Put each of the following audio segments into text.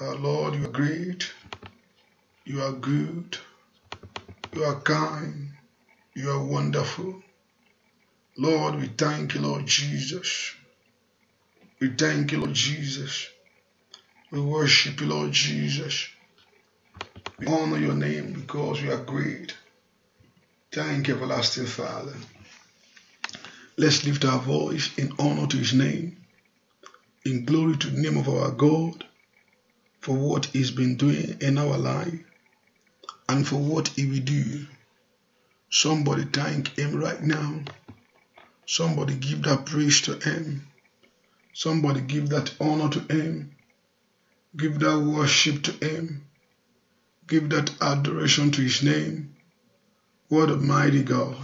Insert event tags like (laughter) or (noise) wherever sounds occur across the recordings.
Uh, Lord, you are great, you are good, you are kind, you are wonderful. Lord, we thank you, Lord Jesus. We thank you, Lord Jesus. We worship you, Lord Jesus. We honor your name because you are great. Thank you, everlasting Father. Let's lift our voice in honor to his name, in glory to the name of our God for what He's been doing in our life and for what He will do. Somebody thank Him right now. Somebody give that praise to Him. Somebody give that honor to Him. Give that worship to Him. Give that adoration to His name. What a mighty God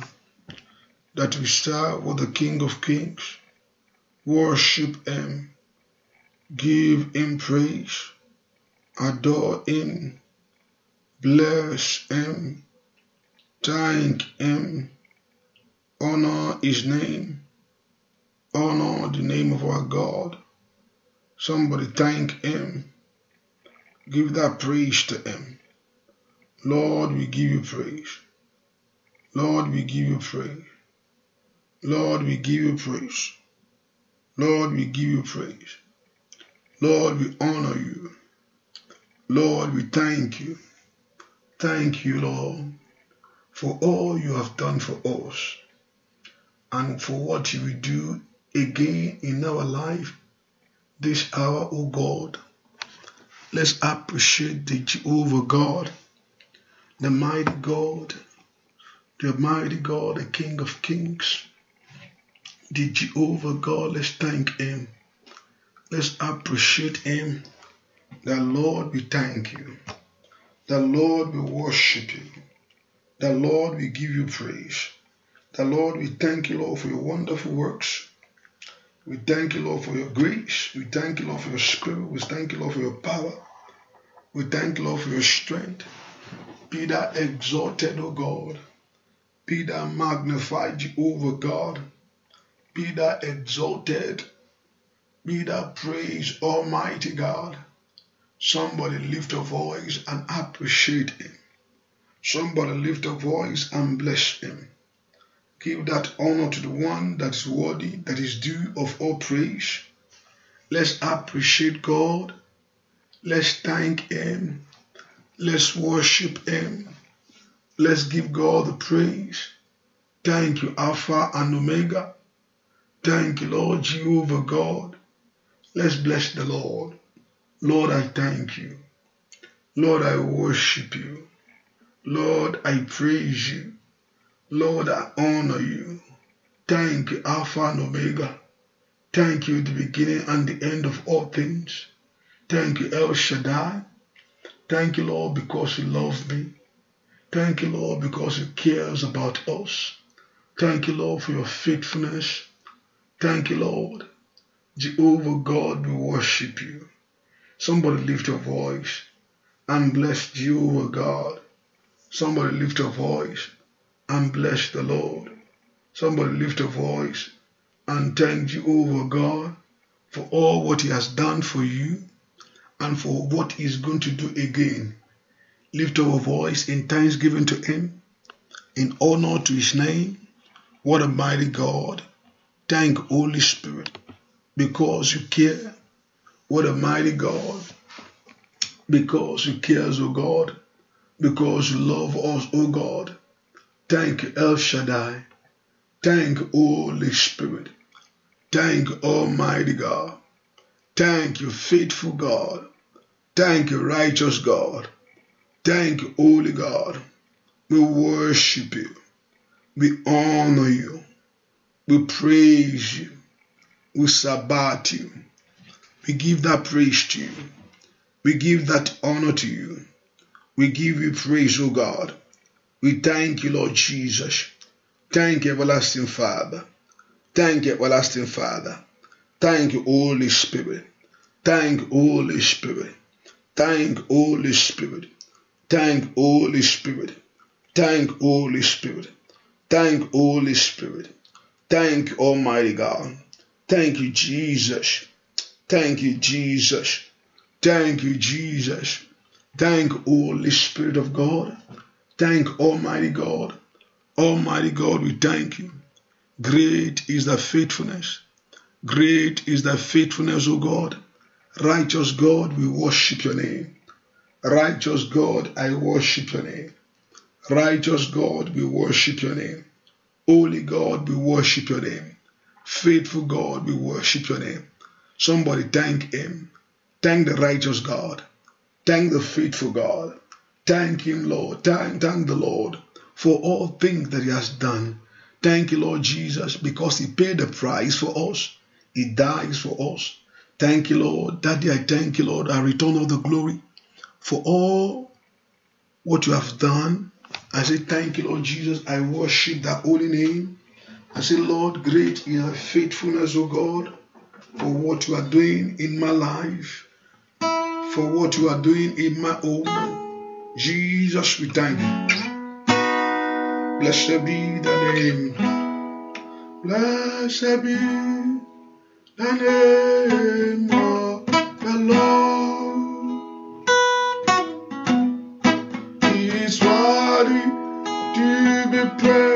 that we serve with the King of Kings. Worship Him. Give Him praise adore Him, bless Him, thank Him, honor His name, honor the name of our God. Somebody thank Him, give that praise to Him. Lord, we give you praise. Lord, we give you praise. Lord, we give you praise. Lord, we give you praise. Lord, we honor you. Lord, we thank you. Thank you, Lord, for all you have done for us and for what you will do again in our life this hour, O God. Let's appreciate the Jehovah God, the mighty God, the mighty God, the King of Kings, the Jehovah God. Let's thank Him. Let's appreciate Him. The Lord, we thank you. The Lord, we worship you. The Lord, we give you praise. The Lord, we thank you, Lord, for your wonderful works. We thank you, Lord, for your grace. We thank you, Lord, for your spirit. We thank you, Lord, for your power. We thank you, Lord, for your strength. Be thou exalted, O God. Be thou magnified, over God. Be thou exalted. Be thou praised, Almighty God. Somebody lift a voice and appreciate Him. Somebody lift a voice and bless Him. Give that honor to the one that is worthy, that is due of all praise. Let's appreciate God. Let's thank Him. Let's worship Him. Let's give God the praise. Thank you, Alpha and Omega. Thank you, Lord Jehovah God. Let's bless the Lord. Lord, I thank you. Lord, I worship you. Lord, I praise you. Lord, I honor you. Thank you, Alpha and Omega. Thank you, the beginning and the end of all things. Thank you, El Shaddai. Thank you, Lord, because you love me. Thank you, Lord, because you cares about us. Thank you, Lord, for your faithfulness. Thank you, Lord. Jehovah God, we worship you. Somebody lift your voice and bless you, O God. Somebody lift your voice and bless the Lord. Somebody lift your voice and thank you, O God, for all what He has done for you and for what He's going to do again. Lift your voice in thanksgiving to Him, in honor to His name. What a mighty God. Thank Holy Spirit because you care what a mighty God. Because He cares, O God. Because you love us, O God. Thank you, El Shaddai. Thank Holy Spirit. Thank Almighty God. Thank you, faithful God. Thank you, righteous God. Thank you, Holy God. We worship you. We honor you. We praise you. We sabbat you. We give that praise to you. We give that honor to you. We give you praise, O God. We thank you, Lord Jesus. Thank you, everlasting Father. Thank you, everlasting Father. Thank you, Holy Spirit. Thank Holy Spirit. Thank Holy Spirit. Thank Holy Spirit. Thank Holy Spirit. Thank Holy Spirit. Thank Almighty God. Thank you, Jesus. Thank you, Jesus. Thank you, Jesus. Thank Holy Spirit of God. Thank Almighty God. Almighty God, we thank you. Great is the faithfulness. Great is the faithfulness, O God. Righteous God, we worship your name. Righteous God, I worship your name. Righteous God, we worship your name. Holy God, we worship your name. Faithful God, we worship your name. Somebody thank Him. Thank the righteous God. Thank the faithful God. Thank Him, Lord. Thank, thank the Lord for all things that He has done. Thank you, Lord Jesus, because He paid the price for us. He dies for us. Thank you, Lord. Daddy, I thank you, Lord. I return all the glory for all what you have done. I say, Thank you, Lord Jesus. I worship that holy name. I say, Lord, great is your faithfulness, O God for what you are doing in my life, for what you are doing in my home. Jesus, we thank you. Blessed be the name. Blessed be the name of the Lord. He is worthy to be praised.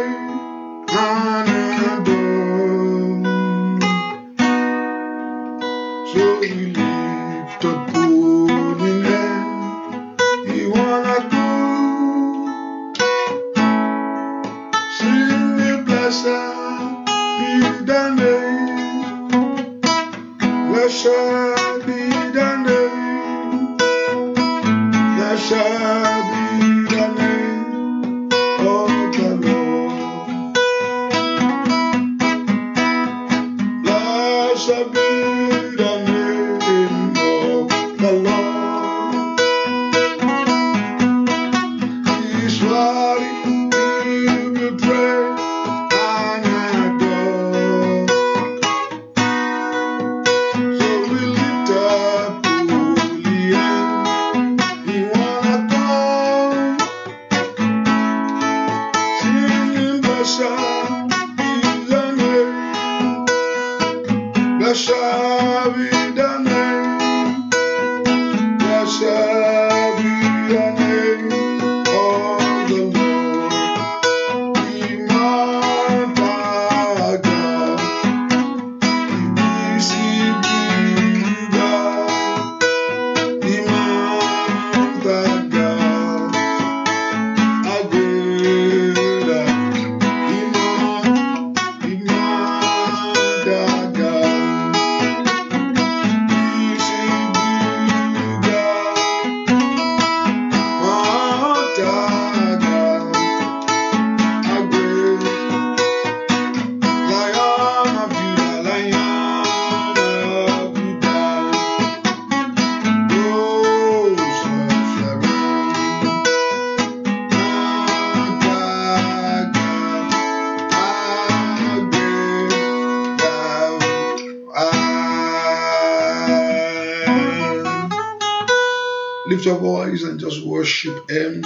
and just worship Him.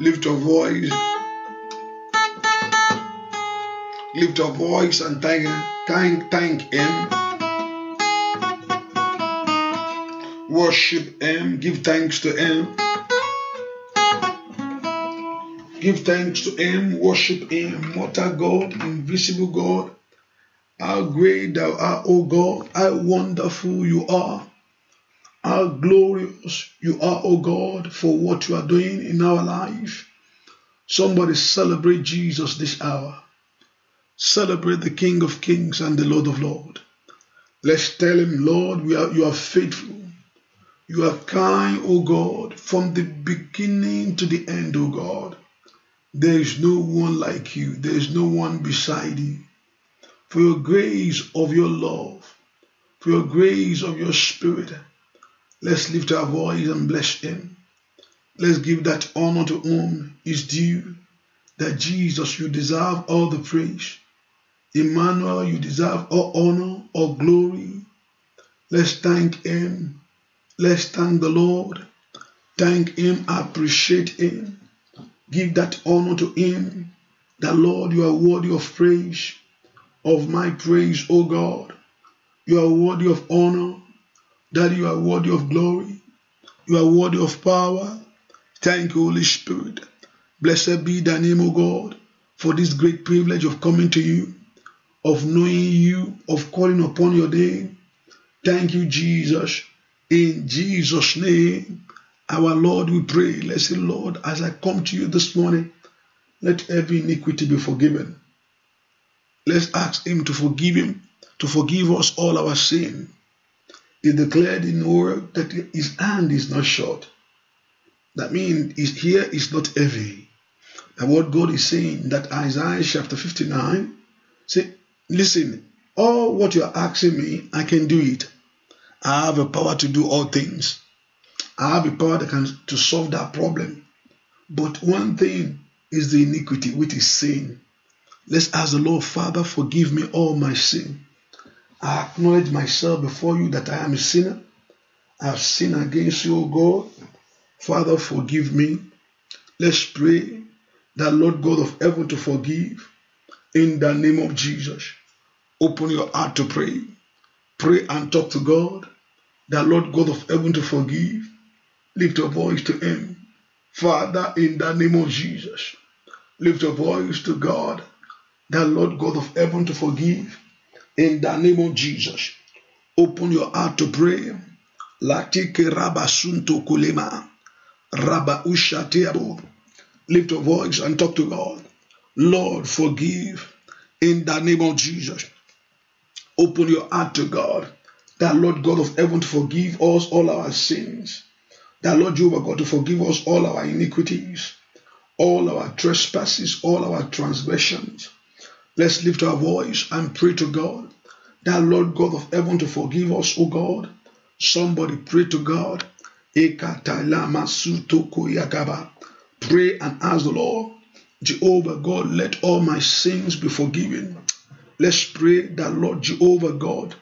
Lift your voice. Lift your voice and thank, thank, thank Him. Worship Him. Give thanks to Him. Give thanks to Him. Worship Him. Mortal God, invisible God. How great thou art, O God. How wonderful you are. How glorious you are, O God, for what you are doing in our life. Somebody celebrate Jesus this hour. Celebrate the King of Kings and the Lord of Lords. Let's tell him, Lord, we are, you are faithful. You are kind, O God, from the beginning to the end, O God. There is no one like you, there is no one beside you. For your grace of your love, for your grace of your spirit, Let's lift our voice and bless him. Let's give that honor to whom is due. That Jesus, you deserve all the praise. Emmanuel, you deserve all honor, all glory. Let's thank him. Let's thank the Lord. Thank him. Appreciate him. Give that honor to him. The Lord, you are worthy of praise, of my praise, O God. You are worthy of honor that you are worthy of glory, you are worthy of power. Thank you, Holy Spirit. Blessed be thy name, O God, for this great privilege of coming to you, of knowing you, of calling upon your name. Thank you, Jesus. In Jesus' name, our Lord, we pray. Let's say, Lord, as I come to you this morning, let every iniquity be forgiven. Let's ask Him to forgive Him, to forgive us all our sin. He declared in the word that his hand is not short. That means his ear is not heavy. And what God is saying that Isaiah chapter 59 say, listen, all what you're asking me, I can do it. I have a power to do all things. I have a power that can to solve that problem. But one thing is the iniquity, which is sin. Let's ask the Lord, Father, forgive me all my sin. I acknowledge myself before you that I am a sinner. I have sinned against you, O God. Father, forgive me. Let's pray that Lord God of heaven to forgive in the name of Jesus. Open your heart to pray. Pray and talk to God. The Lord God of heaven to forgive. Lift your voice to Him. Father, in the name of Jesus. Lift your voice to God. The Lord God of heaven to forgive in the name of Jesus, open your heart to pray. Latike Sunto kulema. Usha teabo. Lift your voice and talk to God. Lord, forgive. In the name of Jesus, open your heart to God. That Lord God of heaven to forgive us all our sins. That Lord Jehovah God to forgive us all our iniquities, all our trespasses, all our transgressions. Let's lift our voice and pray to God, that Lord God of heaven, to forgive us, O God. Somebody pray to God. Pray and ask the Lord, Jehovah God, let all my sins be forgiven. Let's pray that Lord Jehovah God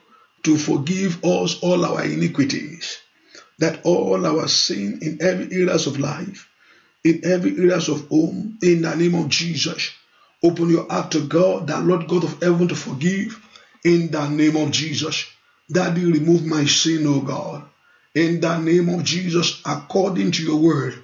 to forgive us all our iniquities, that all our sin in every areas of life, in every areas of home, in the name of Jesus. Open your heart to God, that Lord God of heaven, to forgive in the name of Jesus. That you remove my sin, O God. In the name of Jesus, according to your word.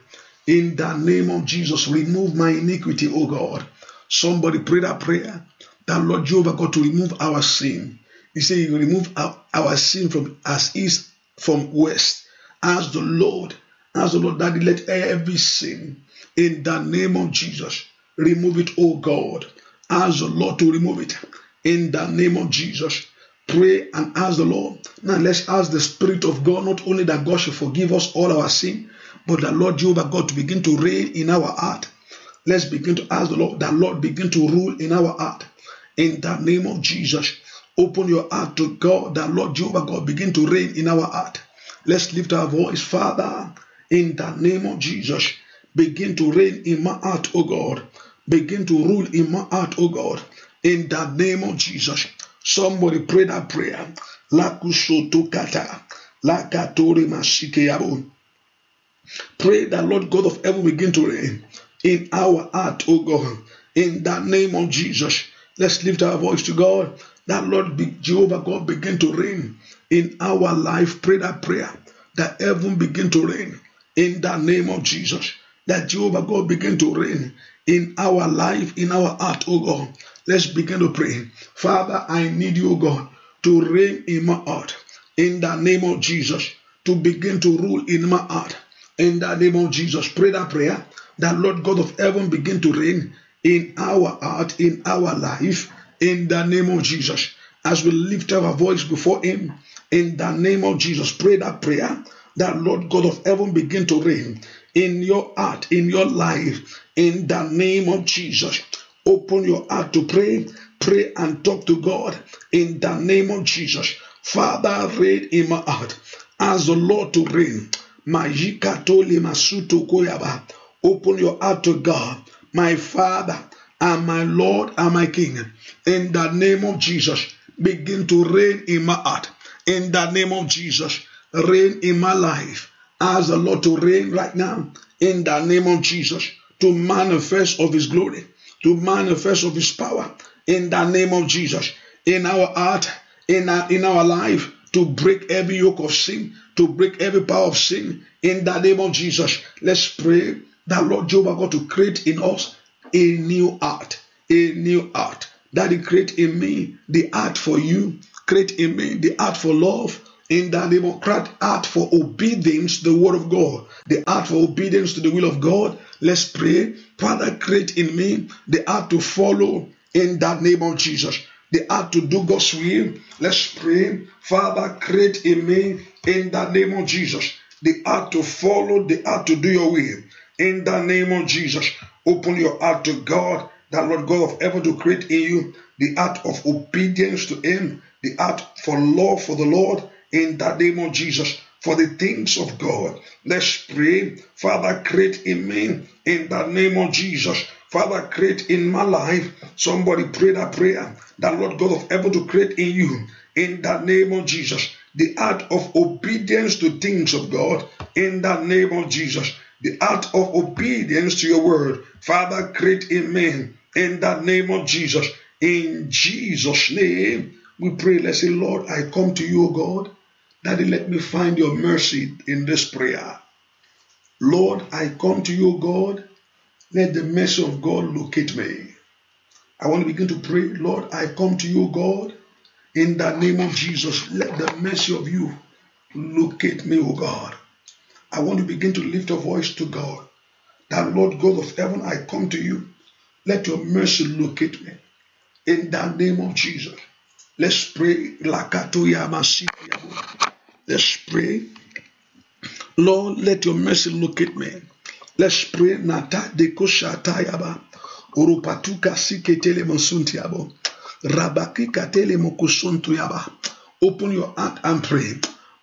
In the name of Jesus, remove my iniquity, O God. Somebody pray that prayer that Lord Jehovah God to remove our sin. He said, You remove our, our sin from as east from west. As the Lord, as the Lord, that let every sin in the name of Jesus Remove it, oh God. Ask the Lord to remove it in the name of Jesus. Pray and ask the Lord. Now let's ask the Spirit of God not only that God should forgive us all our sin, but that Lord Jehovah God to begin to reign in our heart. Let's begin to ask the Lord that Lord begin to rule in our heart. In the name of Jesus, open your heart to God that Lord Jehovah God begin to reign in our heart. Let's lift our voice, Father, in the name of Jesus. Begin to reign in my heart, O God begin to rule in my heart, oh God, in the name of Jesus. Somebody pray that prayer. Lakusotokata. lakatori masikeyabo. Pray that Lord God of heaven begin to reign in our heart, oh God, in the name of Jesus. Let's lift our voice to God. That Lord be, Jehovah God begin to reign in our life. Pray that prayer that heaven begin to reign in the name of Jesus. That Jehovah God begin to reign in our life, in our heart, oh God. Let's begin to pray. Father, I need you, oh God, to reign in my heart in the name of Jesus, to begin to rule in my heart in the name of Jesus. Pray that prayer that Lord God of heaven begin to reign in our heart, in our life, in the name of Jesus. As we lift our voice before Him, in the name of Jesus, pray that prayer that Lord God of heaven begin to reign in your heart, in your life, in the name of Jesus. Open your heart to pray, pray and talk to God in the name of Jesus. Father, reign in my heart. as the Lord to reign. Open your heart to God, my Father and my Lord and my King. In the name of Jesus, begin to reign in my heart. In the name of Jesus, reign in my life. as the Lord to reign right now. In the name of Jesus. to manifest of his glory, to manifest of his power in the name of Jesus, in our heart, in our, in our life, to break every yoke of sin, to break every power of sin in the name of Jesus. Let's pray that Lord Jehovah God to create in us a new heart, a new heart. That He create in me the art for you, create in me the art for love, in the name art for obedience to the word of God, the art for obedience to the will of God, Let's pray. Father, create in me the heart to follow in that name of Jesus. The heart to do God's will. Let's pray. Father, create in me in that name of Jesus. The heart to follow, the heart to do your will. In the name of Jesus, open your heart to God, the Lord God of heaven, to create in you the heart of obedience to Him, the heart for love for the Lord. In the name of Jesus, for the things of God. Let's pray. Father, create in me in the name of Jesus. Father, create in my life. Somebody pray that prayer that Lord God of heaven to create in you in the name of Jesus. The art of obedience to things of God in the name of Jesus. The art of obedience to your word. Father, create in me in the name of Jesus. In Jesus' name, we pray. Let's say, Lord, I come to you, God. Daddy, let me find your mercy in this prayer. Lord, I come to you, God. Let the mercy of God locate me. I want to begin to pray, Lord, I come to you, God. In the name of Jesus, let the mercy of you locate me, O God. I want to begin to lift a voice to God. That Lord God of heaven, I come to you. Let your mercy locate me. In the name of Jesus. Let's pray. Let's pray. Lord, let your mercy locate me. Let's pray. Nata dekoshatayaba. Oropatuka siketele monsuntiabo. Rabaki katele mokosuntuyaba. Open your heart and pray.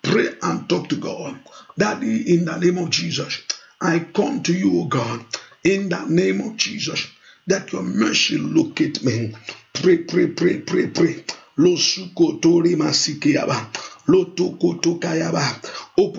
Pray and talk to God. Daddy, in the name of Jesus, I come to you, O God, in the name of Jesus, that your mercy locate me. Pray, pray, pray, pray, pray. Losuko tori masikeyaba. Open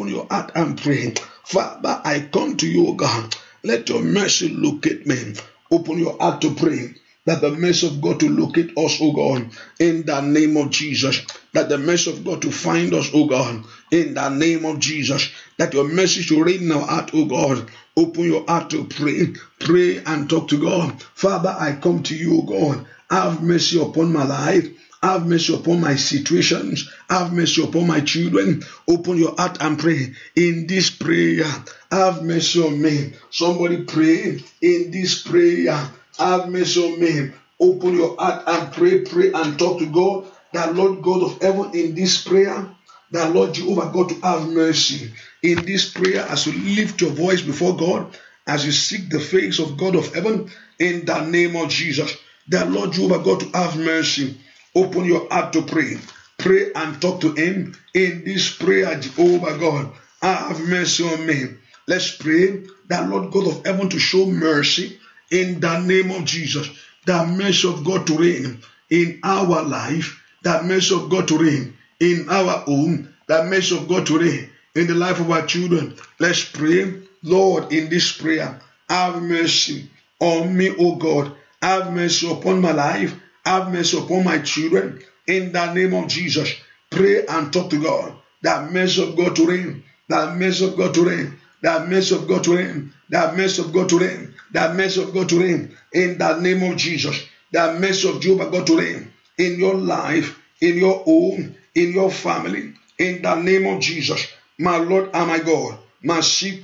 your heart and pray. Father, I come to you, God. Let your mercy locate me. Open your heart to pray that the mercy of God to locate us, O God, in the name of Jesus. That the mercy of God to find us, O God, in the name of Jesus. That your mercy to reign in our heart, O God. Open your heart to pray. Pray and talk to God. Father, I come to you, O God. Have mercy upon my life. Have mercy upon my situations. Have mercy upon my children. Open your heart and pray in this prayer. Have mercy on me. Somebody pray in this prayer. Have mercy on me. Open your heart and pray, pray and talk to God. That Lord God of heaven in this prayer. That Lord Jehovah God to have mercy. In this prayer, as you lift your voice before God, as you seek the face of God of heaven, in the name of Jesus. That Lord Jehovah God to have mercy Open your heart to pray. Pray and talk to Him in this prayer, Jehovah God. Have mercy on me. Let's pray that Lord God of heaven to show mercy in the name of Jesus. That mercy of God to reign in our life. That mercy of God to reign in our home. That mercy of God to reign in the life of our children. Let's pray, Lord, in this prayer. Have mercy on me, O God. Have mercy upon my life. Have mercy upon my children in the name of Jesus. Pray and talk to God. That mercy of God to reign. That mercy of God to reign. That mercy of God to reign. That mercy of God to reign. That mercy of God to reign. In the name of Jesus. That mercy of Jehovah God to reign in your life, in your home, in your family. In the name of Jesus, my Lord and my God. Pray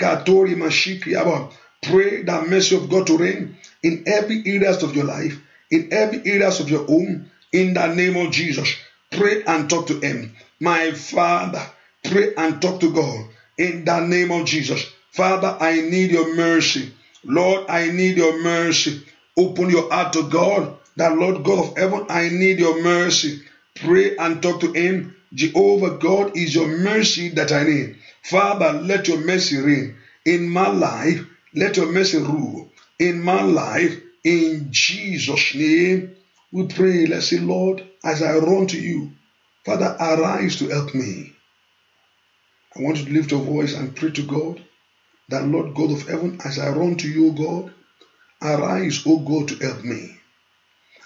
the mercy of God to reign in every areas of your life in every areas of your home in the name of Jesus. Pray and talk to him. My Father, pray and talk to God in the name of Jesus. Father, I need your mercy. Lord, I need your mercy. Open your heart to God. The Lord God of heaven, I need your mercy. Pray and talk to him. Jehovah God is your mercy that I need. Father, let your mercy reign in my life. Let your mercy rule in my life in Jesus' name, we pray. Let's say, Lord, as I run to you, Father, arise to help me. I want you to lift your voice and pray to God that, Lord God of heaven, as I run to you, God, arise, O God, to help me.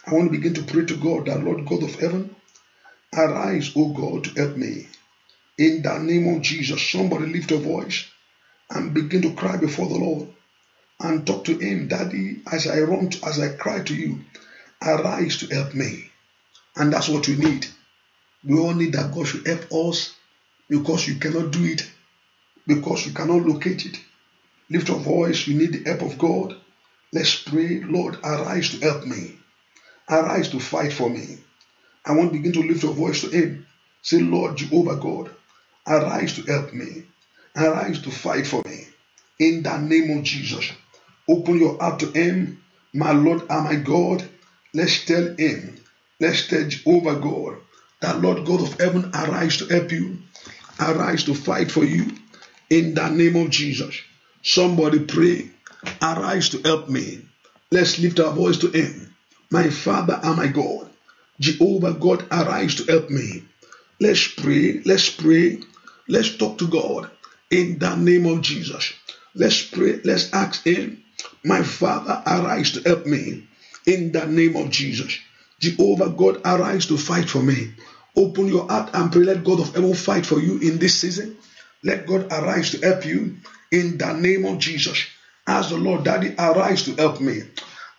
I want to begin to pray to God that, Lord God of heaven, arise, O God, to help me. In the name of Jesus, somebody lift your voice and begin to cry before the Lord and talk to him, Daddy, as I run, to, as I cry to you, arise to help me. And that's what we need. We all need that God should help us because you cannot do it, because you cannot locate it. Lift your voice, you need the help of God. Let's pray, Lord, arise to help me. Arise to fight for me. I want to begin to lift your voice to Him. Say, Lord Jehovah God, arise to help me. Arise to fight for me. In the name of Jesus. Open your heart to Him. My Lord and my God, let's tell Him, let's tell Jehovah God, that Lord God of heaven, arise to help you, arise to fight for you in the name of Jesus. Somebody pray, arise to help me. Let's lift our voice to Him. My Father and my God, Jehovah God, arise to help me. Let's pray, let's pray, let's talk to God in the name of Jesus. Let's pray, let's ask Him my Father, arise to help me in the name of Jesus. Jehovah God, arise to fight for me. Open your heart and pray. Let God of heaven fight for you in this season. Let God arise to help you in the name of Jesus. As the Lord, Daddy, arise to help me.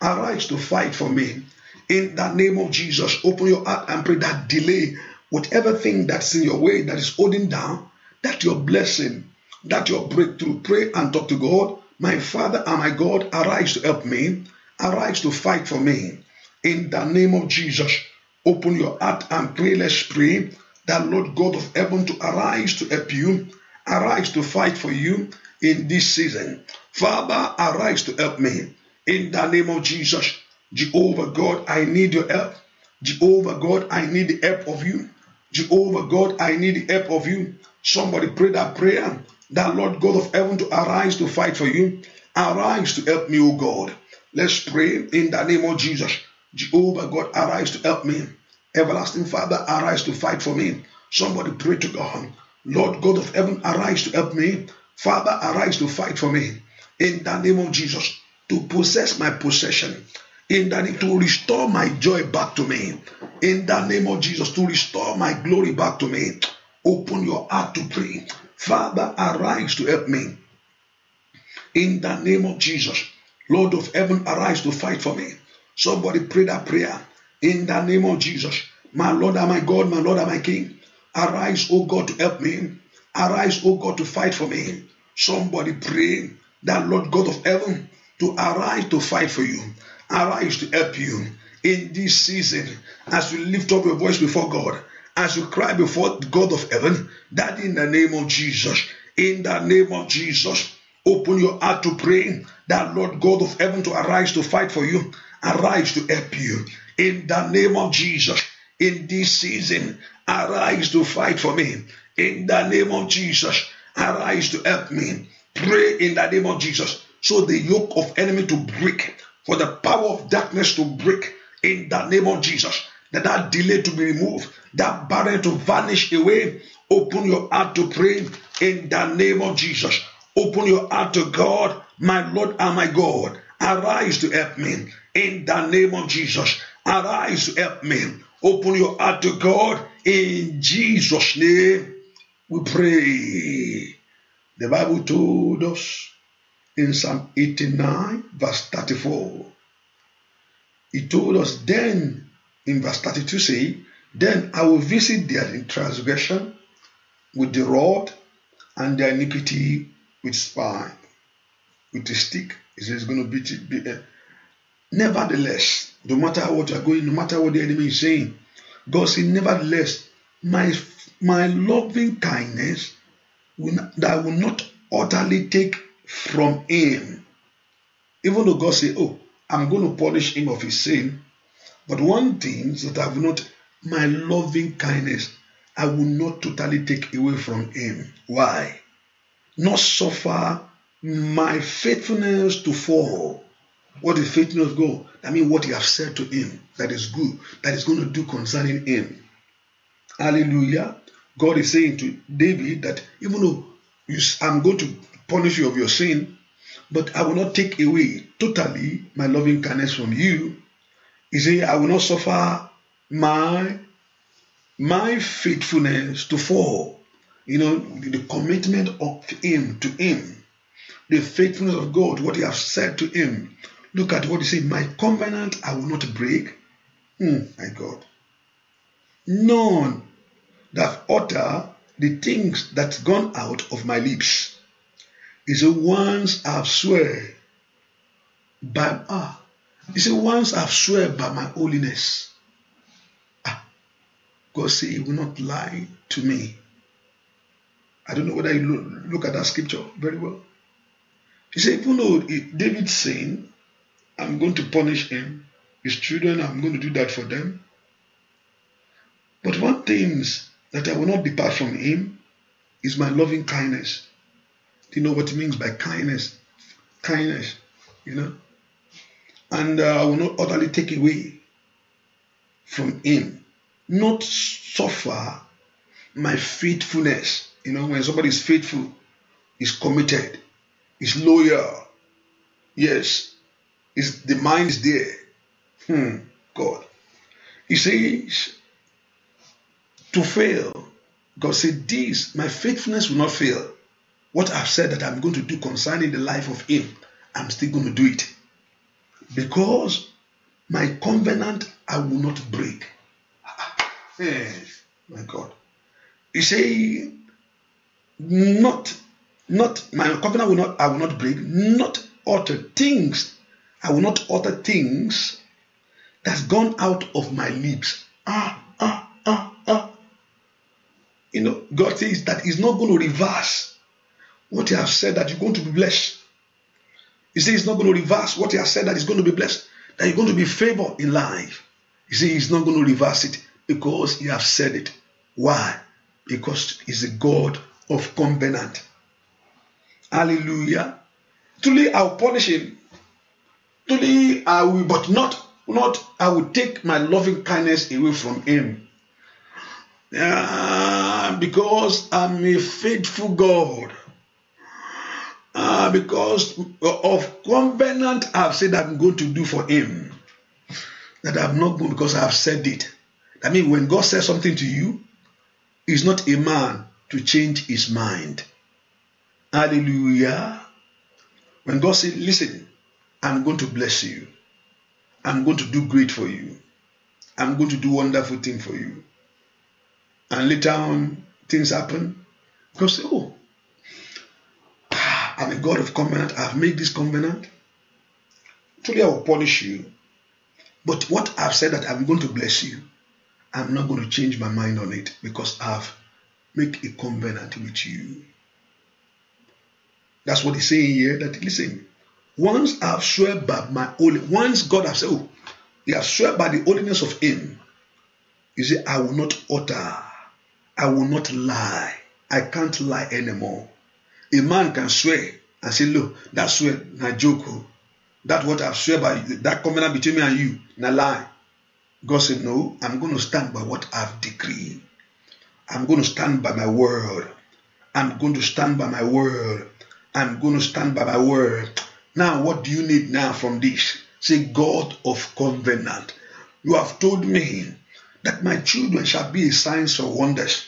Arise to fight for me. In the name of Jesus, open your heart and pray that delay, whatever thing that's in your way that is holding down, that your blessing, that your breakthrough, pray and talk to God my Father and my God, arise to help me, arise to fight for me. In the name of Jesus, open your heart and pray. Let's pray that Lord God of heaven to arise to help you, arise to fight for you in this season. Father, arise to help me. In the name of Jesus, Jehovah God, I need your help. Jehovah God, I need the help of you. Jehovah God, I need the help of you. Somebody pray that prayer that Lord God of heaven to arise to fight for you. Arise to help me, O God. Let's pray in the name of Jesus. Jehovah God, arise to help me. Everlasting Father, arise to fight for me. Somebody pray to God. Lord God of heaven, arise to help me. Father, arise to fight for me. In the name of Jesus, to possess my possession. In the name to restore my joy back to me. In the name of Jesus, to restore my glory back to me. Open your heart to pray. Father, arise to help me. In the name of Jesus, Lord of heaven, arise to fight for me. Somebody pray that prayer. In the name of Jesus, my Lord and my God, my Lord and my King, arise, O God, to help me. Arise, O God, to fight for me. Somebody pray that Lord God of heaven to arise to fight for you, arise to help you in this season as you lift up your voice before God. as you cry before the God of heaven, that in the name of Jesus, in the name of Jesus, open your heart to pray that Lord God of heaven to arise to fight for you, arise to help you. In the name of Jesus, in this season, arise to fight for me. In the name of Jesus, arise to help me. Pray in the name of Jesus. So the yoke of enemy to break, for the power of darkness to break in the name of Jesus. That that delay to be removed, that barrier to vanish away. Open your heart to pray in the name of Jesus. Open your heart to God, my Lord and my God. Arise to help me in the name of Jesus. Arise to help me. Open your heart to God in Jesus' name. We pray. The Bible told us in Psalm 89, verse 34. It told us then in verse 32 say, then I will visit their transgression with the rod and their iniquity with spine, with the stick. He says, going to beat it. Be, uh, nevertheless, no matter what you're going, no matter what the enemy is saying, God said, nevertheless, my, my loving kindness will not, that will not utterly take from him. Even though God said, oh, I'm going to punish him of his sin, but one thing that I have not my loving kindness I will not totally take away from him. Why? Not suffer my faithfulness to fall. What is faithfulness go? I mean, what you have said to him that is good, that is going to do concerning him. Hallelujah. God is saying to David that even though you, I'm going to punish you of your sin, but I will not take away totally my loving kindness from you. He said, I will not suffer my my faithfulness to fall. You know, the commitment of him to him, the faithfulness of God, what he has said to him. Look at what he said, my covenant I will not break. Mm, my God. None that utter the things that's gone out of my lips. is the once I've swear by ah. is said, once I've swear by my holiness. God said He will not lie to me. I don't know whether you look at that scripture very well. He said, even though David saying, I'm going to punish him. His children, I'm going to do that for them. But one thing that I will not depart from him is my loving kindness. Do you know what it means by kindness? Kindness, you know? And uh, I will not utterly take away from him not suffer my faithfulness. You know, when somebody is faithful, is committed, is loyal, yes, is the mind is there. Hmm, God. He says to fail. God said, This, my faithfulness will not fail. What I've said that I'm going to do concerning the life of him, I'm still going to do it. Because my covenant I will not break my God. He say, not, not my covenant will not, I will not break, not alter things. I will not alter things that's gone out of my lips. Ah, ah, ah, ah. You know, God says that He's not going to reverse what He has said that you're going to be blessed. He says He's not going to reverse what He has said that He's going to be blessed, that you're going to be favored in life. He says He's not going to reverse it because you have said it. Why? Because he's a God of covenant. Hallelujah. Truly I will punish him. Truly I will, but not, not I will take my loving kindness away from him. Uh, because I'm a faithful God. Uh, because of covenant I've said I'm going to do for him. That I'm not going because I've said it. I mean, when God says something to you, it's not a man to change his mind. Hallelujah. When God says, Listen, I'm going to bless you, I'm going to do great for you, I'm going to do wonderful thing for you. And later on, things happen. God say, Oh, I'm a God of covenant. I've made this covenant. Today I will punish you. But what I've said that I'm going to bless you, I'm not going to change my mind on it because I've made a covenant with you. That's what he's saying here. That listen, once I've swear by my holy, once God has said, oh, he has swear by the holiness of him. You see, I will not utter, I will not lie, I can't lie anymore. A man can swear and say, Look, that's swear, na joke. Oh. That's what I've swear by that covenant between me and you, na lie. God said, No, I'm going to stand by what I've decreed. I'm going to stand by my word. I'm going to stand by my word. I'm going to stand by my word. Now, what do you need now from this? Say, God of covenant, you have told me that my children shall be signs of wonders.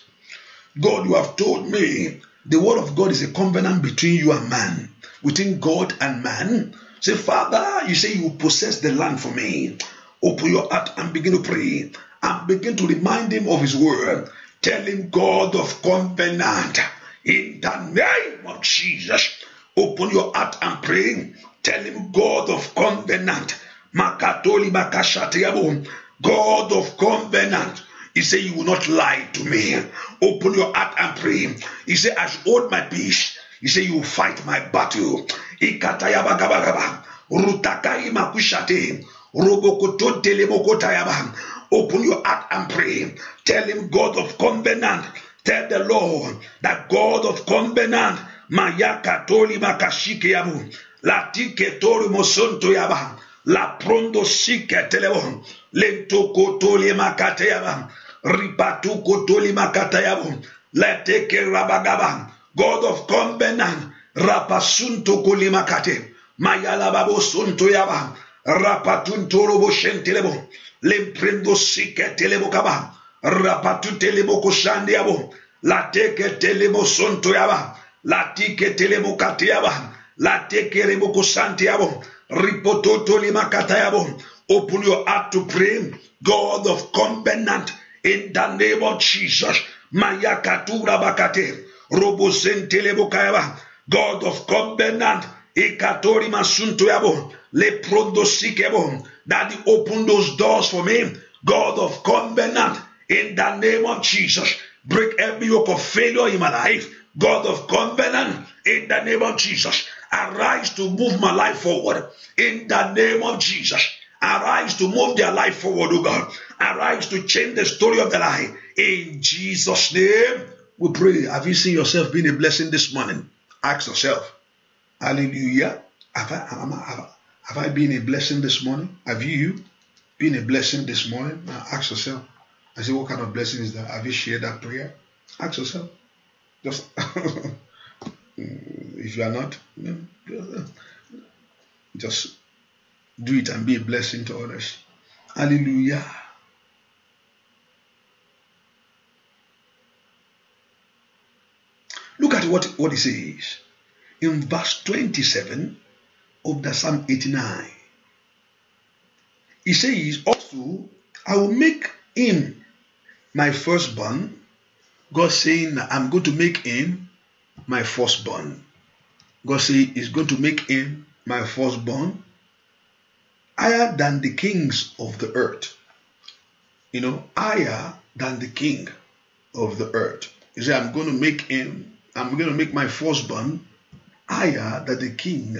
God, you have told me the word of God is a covenant between you and man, between God and man. Say, Father, you say you possess the land for me. Open your heart and begin to pray and begin to remind him of his word. Tell him, God of covenant, in the name of Jesus, open your heart and pray. Tell him, God of covenant, Makatoli Makashatiabu, God of covenant. He said, You will not lie to me. Open your heart and pray. He said, as hold my peace. He said, You will fight my battle. Ikatayabagabagaba. Rutakaima kushate. Robokoto Telebokotayaba. Open your heart and pray. Tell him, God of covenant. Tell the Lord, that God of covenant. Mayaka Toli Makashike Yabu. Latike Tori Mosonto Yaba. La Prondo Sike Telebon. Lento Kotoli Makatayaba. Ripatu makate Makatayabu. Lateke Rabagaba. God of covenant. Rapasunto Kolimakate. Mayala Babo Sunto Yaba. Rapatun Rapatuntoro boshentelebo. Lemprendo siketelebo kaba. telebo kushandi Rapatutelebo koshandiabo. Lateke telebo yaba, sontoyaba. Latike telebo kati yaba, katiaba. Lateke rebo kosantiabo. Ripototo lima limakatayabo. Open your heart to pray. God of covenant. In the name of Jesus. Maya Mayakatura bakate. Robosentelebo kayaba. God of covenant. Ikatori masunto yabo. That you open those doors for me. God of covenant, in the name of Jesus, break every yoke of failure in my life. God of covenant, in the name of Jesus, arise to move my life forward. In the name of Jesus, arise to move their life forward, O oh God. Arise to change the story of their life. In Jesus' name, we pray. Have you seen yourself being a blessing this morning? Ask yourself. Hallelujah. Have I, have I, have I, have I been a blessing this morning? Have you been a blessing this morning? Now ask yourself. I say, what kind of blessing is that? Have you shared that prayer? Ask yourself. Just (laughs) if you are not, just do it and be a blessing to others. Hallelujah. Look at what, what it says in verse 27 of the Psalm 89. He says, Also, I will make him my firstborn. God saying, I'm going to make him my firstborn. God say, He's going to make him my firstborn higher than the kings of the earth. You know, higher than the king of the earth. He said, I'm going to make him, I'm going to make my firstborn higher than the king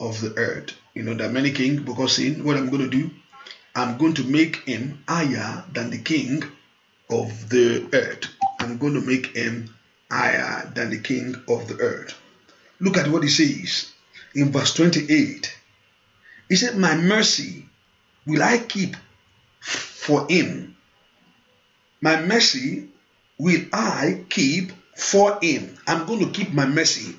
of the earth. You know, that many king, because in what I'm going to do, I'm going to make him higher than the king of the earth. I'm going to make him higher than the king of the earth. Look at what he says in verse 28. He said, My mercy will I keep for him. My mercy will I keep for him. I'm going to keep my mercy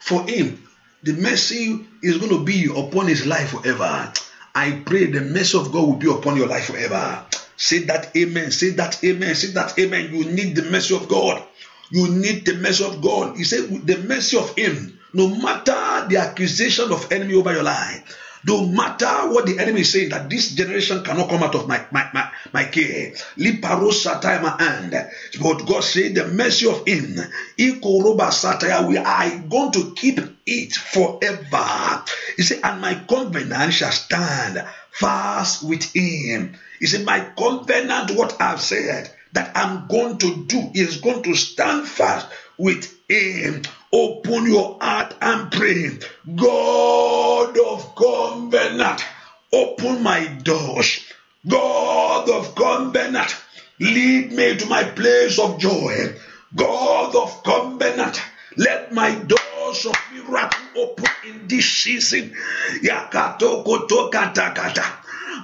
for him. the mercy is going to be upon his life forever. I pray the mercy of God will be upon your life forever. Say that amen. Say that amen. Say that amen. You need the mercy of God. You need the mercy of God. He said, the mercy of Him, no matter the accusation of enemy over your life, No matter what the enemy is saying, that this generation cannot come out of my, my, my, my care. Liparo satire my hand. But God said, the mercy of him, Ikoroba satire, we are going to keep it forever. He said, and my covenant shall stand fast with him. He said, my covenant, what I've said, that I'm going to do is going to stand fast with him. Open your heart and pray. God of covenant, open my doors. God of covenant, lead me to my place of joy. God of covenant, let my doors of miracle open in this season. Yakato koto kata kata.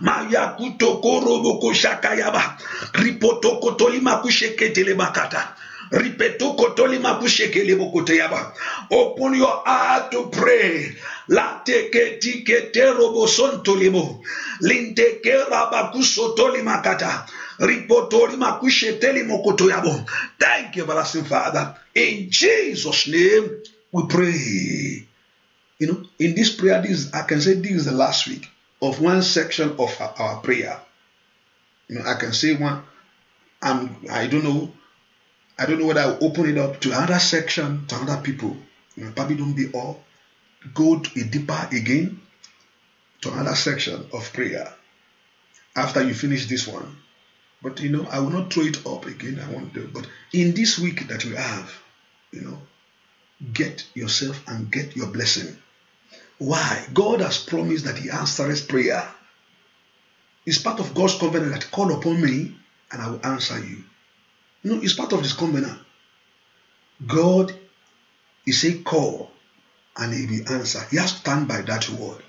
Mayakutoko roboko shakayaba. Ripoto Open your heart to pray. La teke tike terobo sontolimo. Linte ke rabakuso tolimakata. Ripotori makushe telimo kotoyabo. Thank you, blessing, Father. In Jesus' name, we pray. You know, in this prayer, this I can say this is the last week of one section of our prayer. You know, I can say one. I'm, I don't know I don't know whether I'll open it up to another section, to other people. It probably don't be all. Go to a deeper again to another section of prayer after you finish this one. But you know, I will not throw it up again. I won't do it. But in this week that we have, you know, get yourself and get your blessing. Why? God has promised that He answers prayer. It's part of God's covenant that call upon me and I will answer you. No, it's part of this covenant. God is a call and he will answer. He has to stand by that word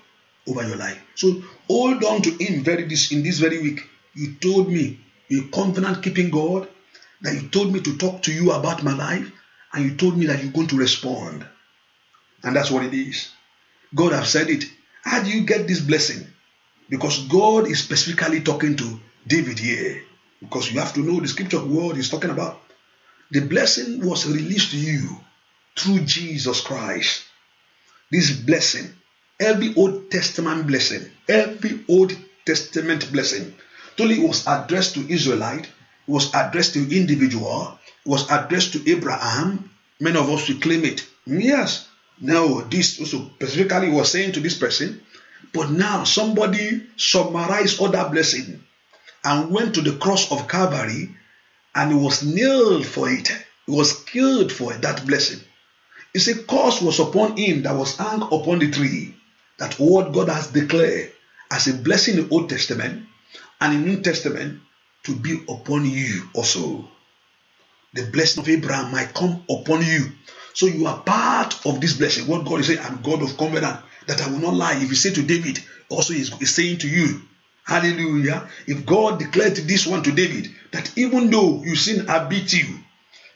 over your life. So hold on to him very this in this very week. You told me you're covenant keeping God, that you told me to talk to you about my life, and you told me that you're going to respond. And that's what it is. God have said it. How do you get this blessing? Because God is specifically talking to David here because you have to know the scripture word is talking about. The blessing was released to you through Jesus Christ. This blessing, every Old Testament blessing, every Old Testament blessing, totally was addressed to Israelite, was addressed to individual, was addressed to Abraham. Many of us we claim it. Yes. Now, this also specifically was saying to this person, but now somebody summarized other blessing and went to the cross of Calvary and he was nailed for it. He was killed for it, that blessing. You see, curse was upon him that was hung upon the tree. That what God has declared as a blessing in the Old Testament and in the New Testament to be upon you also. The blessing of Abraham might come upon you. So you are part of this blessing. What God is saying, I'm God of covenant, that I will not lie. If he said to David, also he's saying to you, Hallelujah. If God declared this one to David, that even though you sin, I beat you.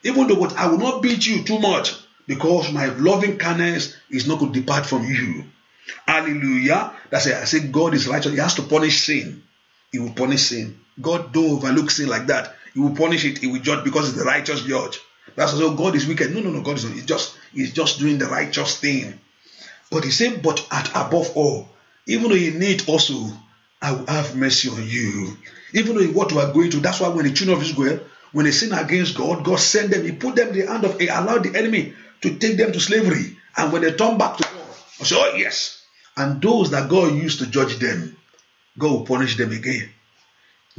Even though, what I will not beat you too much because my loving kindness is not going to depart from you. Hallelujah. That's it. I say God is righteous. He has to punish sin. He will punish sin. God don't overlook sin like that. He will punish it. He will judge because he's the righteous judge. That's why oh, God is wicked. No, no, no. God is he's just he's just doing the righteous thing. But he said, but at above all, even though you need also I will have mercy on you. Even though what we are going to, that's why when the children of Israel, when they sin against God, God sent them, He put them in the hand of, He allowed the enemy to take them to slavery. And when they turn back to God, I say, Oh, yes. And those that God used to judge them, God will punish them again.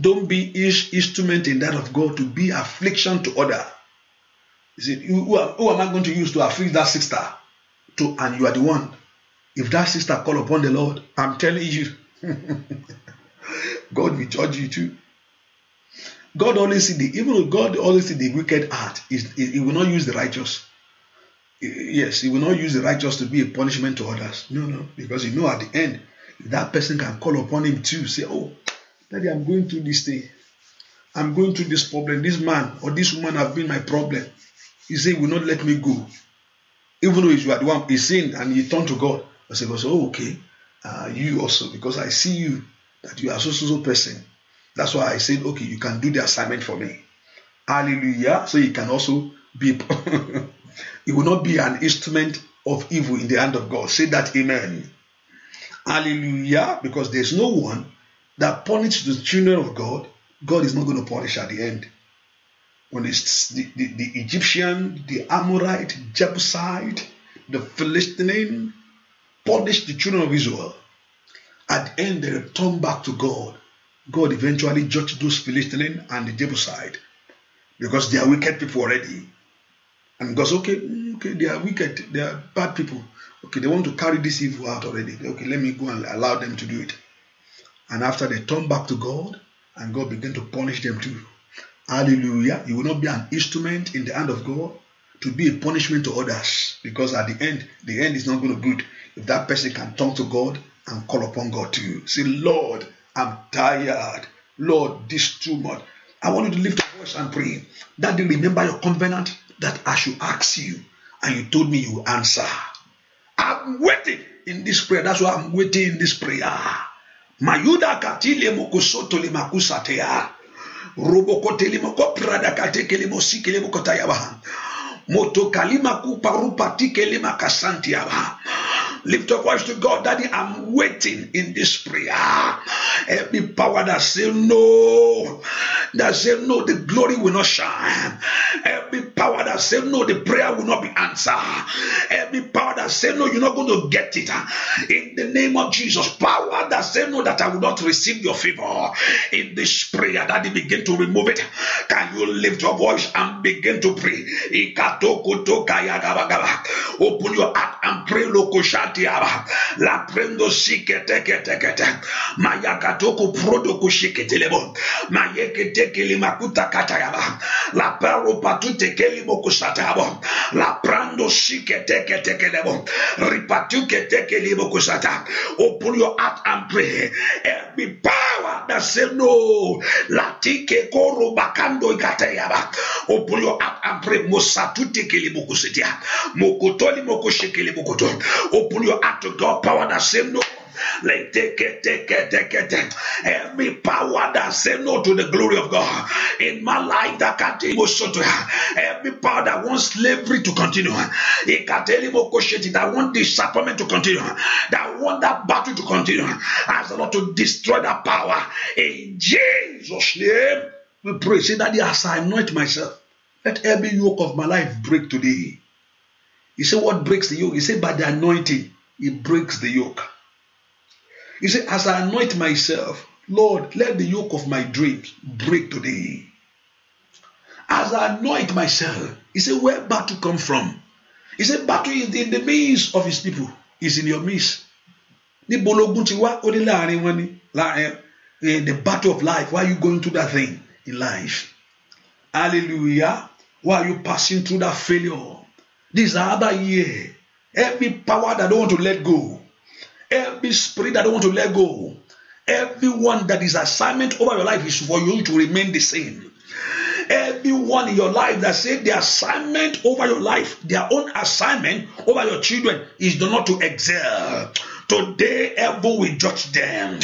Don't be each instrument in that of God to be affliction to other. He said, who, who am I going to use to afflict that sister? To and you are the one. If that sister call upon the Lord, I'm telling you, (laughs) God will judge you too. God only see the even God only see the wicked heart. He will not use the righteous. Yes, he will not use the righteous to be a punishment to others. No, no, because you know at the end that person can call upon him too. Say, oh, daddy, I'm going through this thing. I'm going through this problem. This man or this woman have been my problem. He say will not let me go. Even though you are the one, he sin and he turned to God. I say, God said, oh, okay. uh, you also, because I see you that you are so so person. That's why I said, okay, you can do the assignment for me. Hallelujah. So you can also be, (laughs) It will not be an instrument of evil in the hand of God. Say that, Amen. Hallelujah. Because there's no one that punishes the children of God. God is not going to punish at the end. When it's the, the, the Egyptian, the Amorite, Jebusite, the Philistine, Punish the children of Israel. At the end, they return back to God. God eventually judged those Philistines and the Jebusite because they are wicked people already. And God said, okay, okay, they are wicked, they are bad people. Okay, they want to carry this evil out already. Okay, let me go and allow them to do it. And after they turn back to God, and God began to punish them too. Hallelujah. You will not be an instrument in the hand of God to be a punishment to others because at the end, the end is not going to be good. that person can turn to God and call upon God to Say, Lord, I'm tired. Lord, this too much. I want you to lift your voice and pray. Daddy, remember your covenant that I should ask you, and you told me you answer. I'm waiting in this prayer. That's why I'm waiting in this prayer. Mayuda katile mokusoto limakusatea. Robokotele mokoprada katekele mosikele mokotayabaha. Motokalima kuparupatikele makasantiabaha. Lift up voice to God. Daddy, I'm waiting in this prayer. Every power that say no, that say no, the glory will not shine. Every power that say no, the prayer will not be answered. Every power that say no, you're not going to get it. In the name of Jesus, power that say no, that I will not receive your favor. In this prayer, Daddy, begin to remove it. Can you lift your voice and begin to pray? Open your heart and pray, Lokosha. diaba la prendo shikete kete kete mayakatoko prodo kushiketelebo mayekete kilimakuta katayaba la paro patute kelimo kusatabo la prando shikete kete kelebo ripatu kete kelimo kusata open your heart and pray every power that say no latike koro bakando ikatayaba open your heart and pray mosatute kelimo kusitia mokotoli mokoshekele mokoto open Open your heart to God, power that say no. Like take it, take it, take it. Every power that say no to the glory of God in my life that can't even show to her. every power that wants slavery to continue, that want disappointment to continue, that want that battle to continue, as the Lord to destroy that power in Jesus' name. We pray, say that as I anoint myself, let every yoke of my life break today. You say, What breaks the yoke? You say, By the anointing, it breaks the yoke. You say, As I anoint myself, Lord, let the yoke of my dreams break today. As I anoint myself, He said, Where battle come from? He said, Battle is in the midst of His people, is in your midst. níbo gunti wá ó ní láàrin wọn ni laarin eh, the battle of life why are you going through that thing in life hallelujah why are you passing through that failure This other year, every power that don't want to let go, every spirit that don't want to let go, everyone that is assignment over your life is for you to remain the same. Everyone in your life that said the assignment over your life, their own assignment over your children is not to excel. Today, heaven will judge them.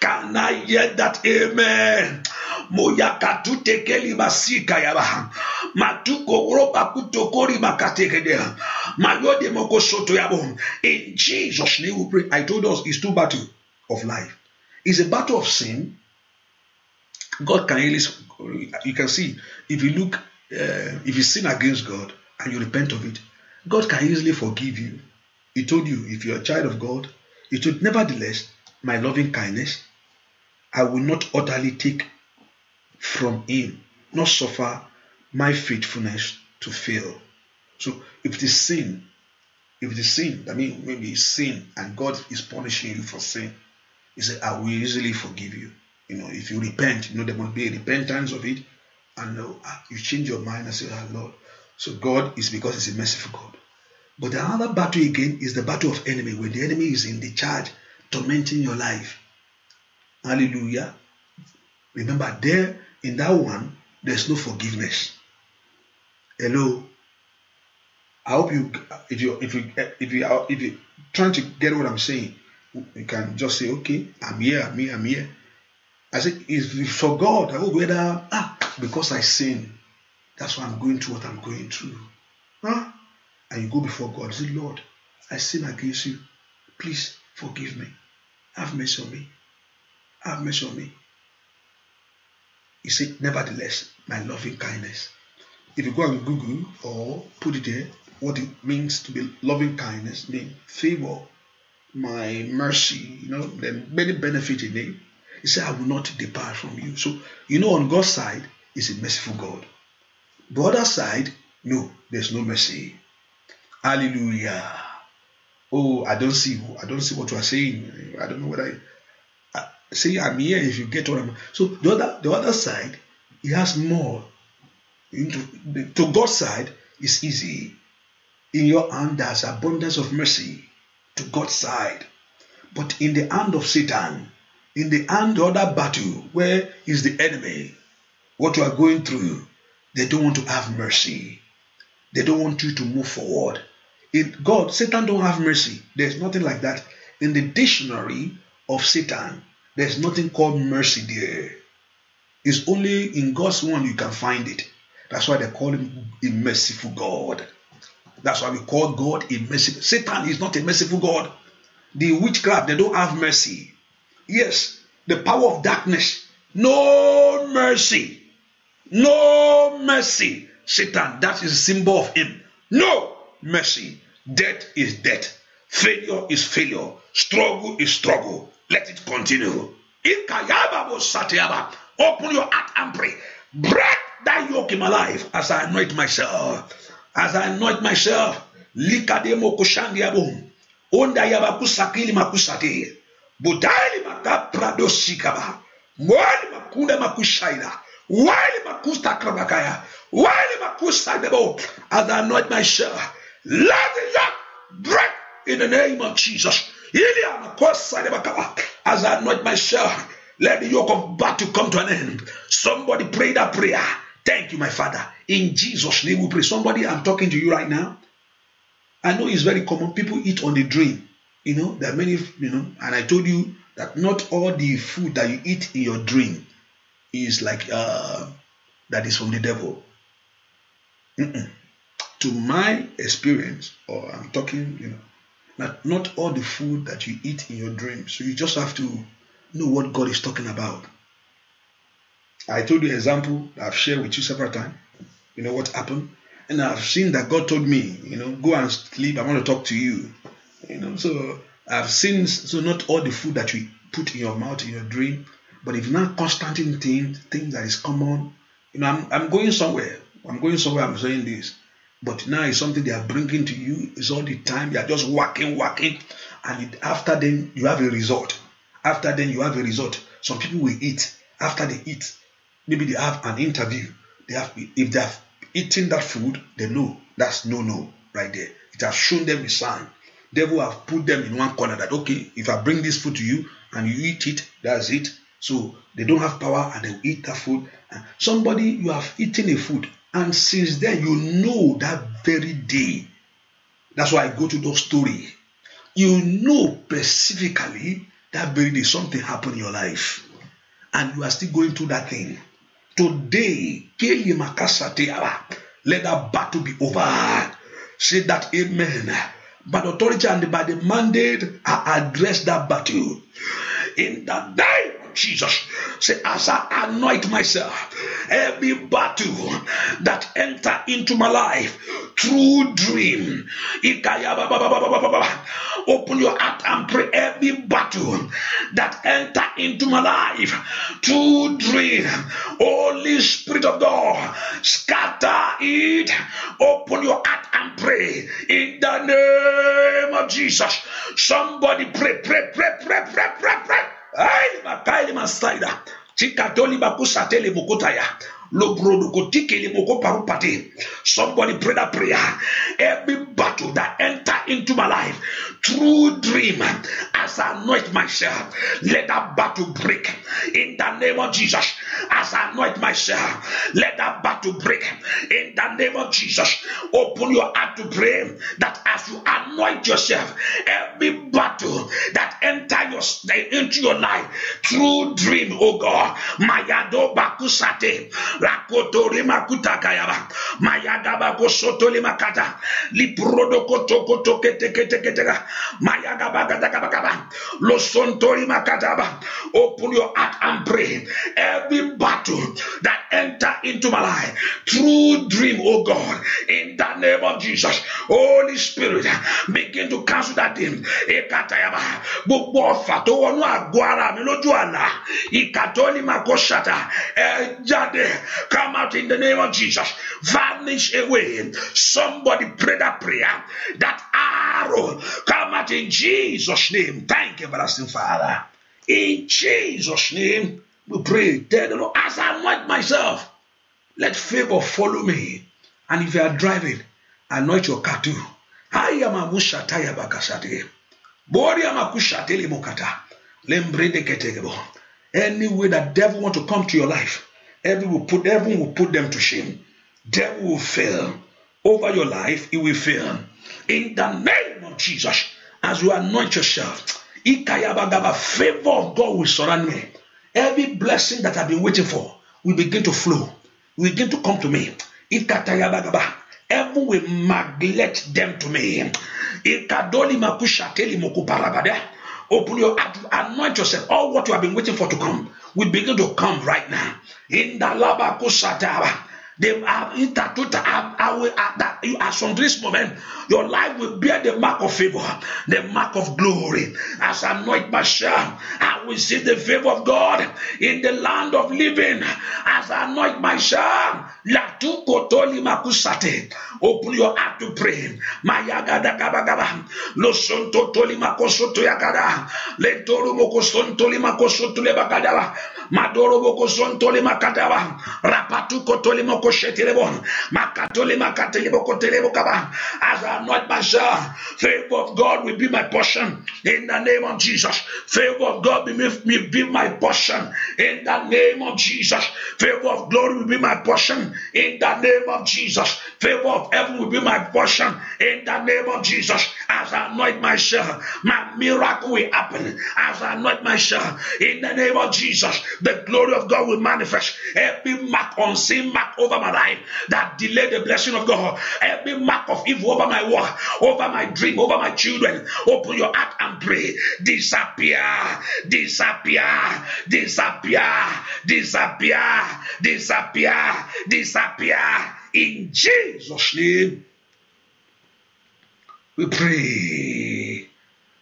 Can I hear that? Amen moyakatuteke libasikayaba matukorobakutokorima makatekedera mayode mokosoto yabo in jesus name we pray i told us it's two battle of life it's a battle of sin god can really you can see if you look uh, if you sin against god and you repent of it god can easily forgive you he told you if you're a child of god he told nevertheless my loving kindness i will not utterly take from him, not suffer my faithfulness to fail. So if it is sin, if it is sin, that means maybe it's sin and God is punishing you for sin, He said, I will easily forgive you. You know, if you repent, you know, there must be a repentance of it. And uh, you change your mind and say, Ah, oh, Lord. So God is because He's a merciful God. But the other battle again is the battle of enemy, where the enemy is in the charge, tormenting your life. Hallelujah. Remember, there in that one, there's no forgiveness. Hello. I hope you, if you, if you, if you, are, if you trying to get what I'm saying, you can just say, okay, I'm here, I'm here, I'm here. I say, it's for God. I hope whether ah, because I sin, that's why I'm going through what I'm going through. Huh? And you go before God. Say, Lord, I sin against you. Please forgive me. Have mercy on me. Have mercy on me. He said, Nevertheless, my loving kindness. If you go on Google or put it there, what it means to be loving kindness means favor, my mercy, you know, there are many benefits in it. He said, I will not depart from you. So, you know, on God's side, is a merciful God. The other side, no, there's no mercy. Hallelujah. Oh, I don't see I don't see what you are saying. I don't know whether See, I'm here if you get what I'm. So the other, the other side, it has more. Into, to God's side is easy. In your hand there's abundance of mercy. To God's side, but in the hand of Satan, in the hand of that battle, where is the enemy? What you are going through, they don't want to have mercy. They don't want you to move forward. In God, Satan don't have mercy. There's nothing like that in the dictionary of Satan. There's nothing called mercy there. It's only in God's one you can find it. That's why they call him a merciful God. That's why we call God a merciful. Satan is not a merciful God. The witchcraft, they don't have mercy. Yes, the power of darkness, no mercy. No mercy. Satan, that is a symbol of him. No mercy. Death is death. Failure is failure. Struggle is struggle. Let it continue. Open your heart and pray. Break that yoke in my life as I anoint myself. As I anoint myself. Likademo kushandiabum. Onda yabakusakili makusati. Budali makaprado sikaba. Mwali makunda makushaila. Wali makusta krabakaya. Wali makusta debo. As I anoint myself. Let the yoke break in the name of Jesus. As I anoint myself, let the yoke of battle come to an end. Somebody pray that prayer. Thank you, my Father. In Jesus' name we pray. Somebody, I'm talking to you right now. I know it's very common. People eat on the dream. You know, there are many, you know, and I told you that not all the food that you eat in your dream is like uh, that is from the devil. Mm -mm. To my experience, or I'm talking, you know, that not all the food that you eat in your dream. So you just have to know what God is talking about. I told you example I've shared with you several times. You know what happened? And I've seen that God told me, you know, go and sleep. I want to talk to you. You know, so I've seen so not all the food that you put in your mouth in your dream, but if not constantly things, things that is common. You know, I'm, I'm going somewhere. I'm going somewhere. I'm saying this. But now it's something they are bringing to you. It's all the time. They are just working, working. And after then, you have a result. After then, you have a result. Some people will eat. After they eat, maybe they have an interview. They have If they have eaten that food, they know that's no, no right there. It has shown them a sign. Devil have put them in one corner that, okay, if I bring this food to you and you eat it, that's it. So they don't have power and they eat that food. And somebody, you have eaten a food And since then, you know that very day. That's why I go to those story. You know specifically that very day something happened in your life, and you are still going through that thing. Today, let that battle be over. Say that amen. But authority and by the mandate, I address that battle. In the day. Jesus. Say, as I anoint myself, every battle that enter into my life through dream. Open your heart and pray every battle that enter into my life through dream. Holy Spirit of God, scatter it. Open your heart and pray in the name of Jesus. Somebody pray, pray, pray, pray, pray, pray, pray. kailimastaida chikatolibakusatele mukutaya Somebody pray that prayer. Every battle that enter into my life, true dream as I anoint myself. Let that battle break in the name of Jesus. As I anoint myself, let that battle break in the name of Jesus. Open your heart to pray that as you anoint yourself, every battle that enter your into your life, true dream, oh God. Mayado bakusate, rakoto rimakuta kayaba, mayada bakosoto limakata, liprodo koto koto kete kete kete kete Open your heart and pray. Every battle that enter into my life, true dream, oh God, in the name of Jesus. Holy Spirit, begin to cancel that dream. Gbogbo ọ̀fà tó wọnú àgọ́ ara mi lójú àlá, ìkàtọ́ ni màá kó ṣàtà, ẹ jáde, come out in the name of Jesus, vanish away. Somebody pray that prayer, that arrow, come in Jesus' name. Thank you, everlasting Father. In Jesus' name, we pray. Tell the Lord, as I anoint myself, let favor follow me. And if you are driving, anoint your car too. Ayamakuşataya bakasate. Boriyamakushatele mokata. Lembrede ketegebo. Any way that devil want to come to your life, every will put everyone will put them to shame. Devil will fail over your life. It will fail in the name of Jesus. As you anoint yourself, favor of God will surround me. Every blessing that I've been waiting for will begin to flow, will begin to come to me. Heaven will magnet them to me. Open your anoint yourself. All what you have been waiting for to come will begin to come right now. In the They have intertwined. I will that as from this moment, your life will bear the mark of favor, the mark of glory. As anoint my share, I will see the favor of God in the land of living. As I anoint myself, open your heart to pray. Mayagada kabagaba, losonto tolima kosoto yagada, letoru mokosonto lima kosoto lebagada, madoro mokosonto lima kadaba, rapatu kotolima As I anoint myself, favor of God will be my portion in the name of Jesus. Favor of God will be my portion in the name of Jesus. Favor of glory will be my portion in the name of Jesus. Favor of heaven will be my portion in the name of Jesus. As I anoint my share, my miracle will happen. As I anoint my share, in the name of Jesus, the glory of God will manifest. Every mark, unseen mark over my life that delay the blessing of God, every mark of evil over my work, over my dream, over my children, open your heart and pray. Disappear, disappear, disappear, disappear, disappear, disappear. In Jesus' name we pray.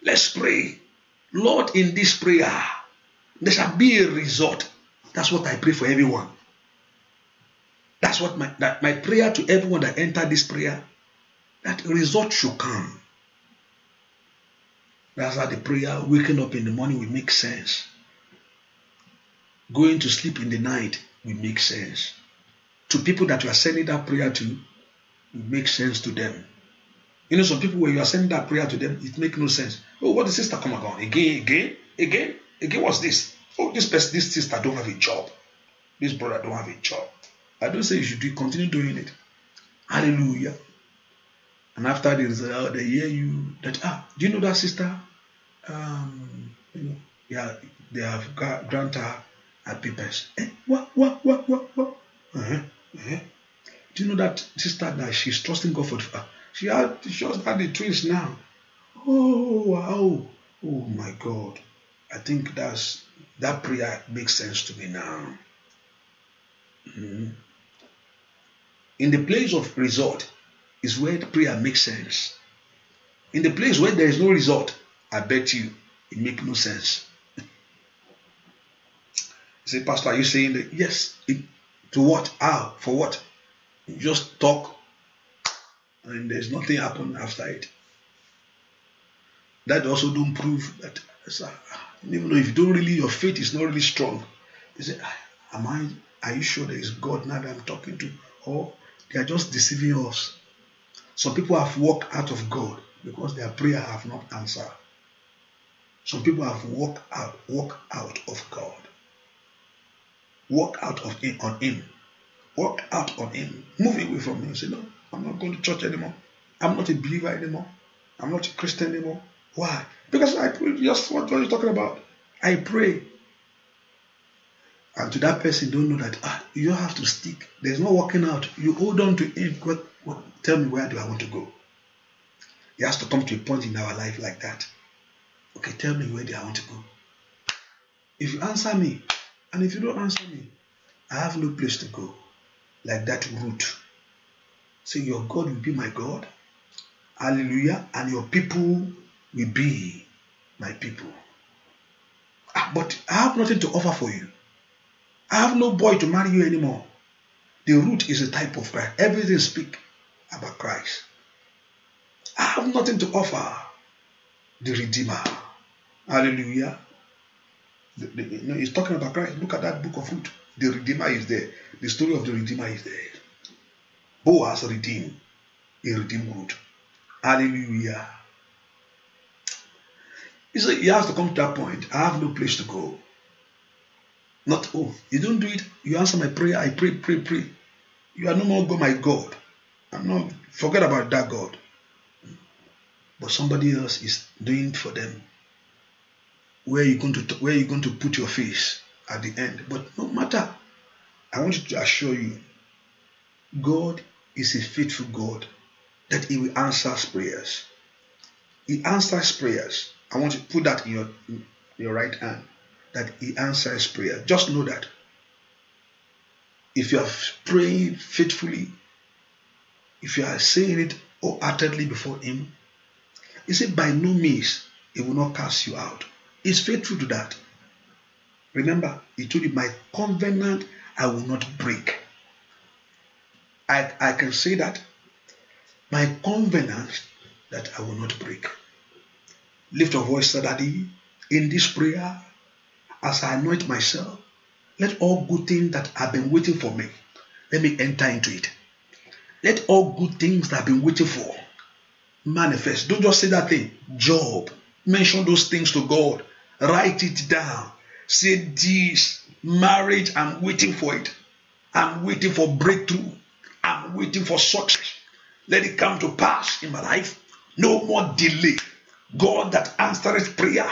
Let's pray. Lord, in this prayer, there shall be a result. That's what I pray for everyone. That's what my, that my prayer to everyone that enter this prayer, that result should come. That's how the prayer, waking up in the morning, will make sense. Going to sleep in the night will make sense. To people that you are sending that prayer to, it makes sense to them. You know, some people when you are sending that prayer to them, it make no sense. Oh, what the sister come about again, again, again, again? What's this? Oh, this person, this sister don't have a job. This brother don't have a job. I don't say you should do, continue doing it. Hallelujah. And after this, uh, they hear you that ah, do you know that sister? Um, you know, yeah, they have got, grant her her papers. Eh, what, what, what, what, what? Uh-huh, uh-huh. Do you know that sister that she's trusting God for? Uh, She had she just had the twins now. Oh wow. Oh my God. I think that's that prayer makes sense to me now. Mm-hmm. In the place of resort is where prayer makes sense. In the place where there is no resort, I bet you it makes no sense. you (laughs) say, Pastor, are you saying that? Yes. It, to what? How? For what? You just talk and there's nothing happened after it. That also don't prove that even though if you don't really your faith is not really strong, you say, ah, Am I are you sure there is God now that I'm talking to? Or they are just deceiving us. Some people have walked out of God because their prayer have not answered. Some people have walked out, walked out of God. Walk out of him on him. Walk out on him. Move away from him. Say, no, I'm not going to church anymore. I'm not a believer anymore. I'm not a Christian anymore. Why? Because I just what you talking about. I pray. And to that person, don't know that ah, you have to stick. There's no walking out. You hold on to it. What, what, tell me where do I want to go? It has to come to a point in our life like that. Okay, tell me where do I want to go? If you answer me, and if you don't answer me, I have no place to go. Like that route Say, Your God will be my God. Hallelujah. And your people will be my people. Ah, but I have nothing to offer for you. I have no boy to marry you anymore. The root is a type of Christ. Everything speak about Christ. I have nothing to offer the Redeemer. Hallelujah. The, the, you know, he's talking about Christ. Look at that book of root. The Redeemer is there. The story of the Redeemer is there has redeemed. He redeemed good. Hallelujah. He said, he has to come to that point. I have no place to go. Not, oh, you don't do it. You answer my prayer. I pray, pray, pray. You are no more God, my God. I'm not, forget about that God. But somebody else is doing it for them. Where you going to where you going to put your face at the end? But no matter. I want to assure you, God is a faithful God that He will answer prayers. He answers prayers. I want you to put that in your, in your right hand that He answers prayer. Just know that. If you are praying faithfully, if you are saying it wholeheartedly before Him, He said, By no means He will not cast you out. He's faithful to that. Remember, He told you, My covenant I will not break. I, I can say that my covenant that I will not break. Lift your voice, Daddy, in this prayer as I anoint myself. Let all good things that have been waiting for me, let me enter into it. Let all good things that have been waiting for manifest. Don't just say that thing. Job. Mention those things to God. Write it down. Say this marriage, I'm waiting for it. I'm waiting for breakthrough. I'm waiting for success. Let it come to pass in my life. No more delay. God that answers prayer,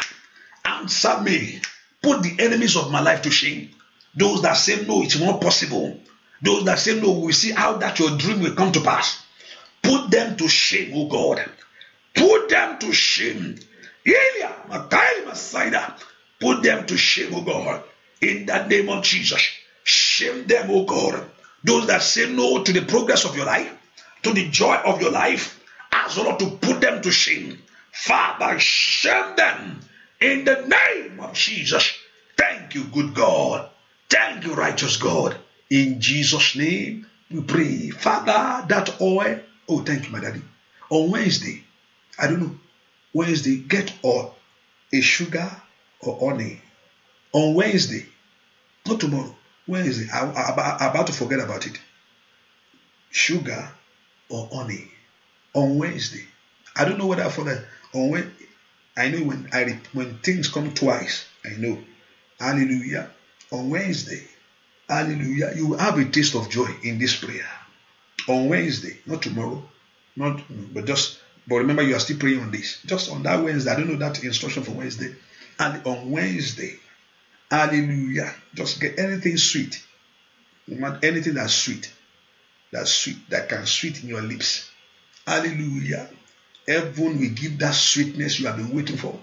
answer me. Put the enemies of my life to shame. Those that say no, it's not possible. Those that say no, we see how that your dream will come to pass. Put them to shame, oh God. Put them to shame. Elia, Makai, Masaida. Put them to shame, oh God. In the name of Jesus. Shame them, oh God. Those that say no to the progress of your life, to the joy of your life, ask the Lord to put them to shame. Father, shame them in the name of Jesus. Thank you, good God. Thank you, righteous God. In Jesus' name, we pray. Father, that oil. Oh, thank you, my daddy. On Wednesday, I don't know, Wednesday, get oil, a sugar or honey. On Wednesday, not tomorrow. Where is it? I, am about to forget about it. Sugar or honey on Wednesday. I don't know whether I forget. on when I know when I when things come twice. I know. Hallelujah. On Wednesday. Hallelujah. You will have a taste of joy in this prayer. On Wednesday, not tomorrow, not but just but remember you are still praying on this. Just on that Wednesday. I don't know that instruction for Wednesday. And on Wednesday, Hallelujah. Just get anything sweet. You want anything that's sweet. That's sweet. That can sweeten your lips. Hallelujah. Heaven will give that sweetness you have been waiting for.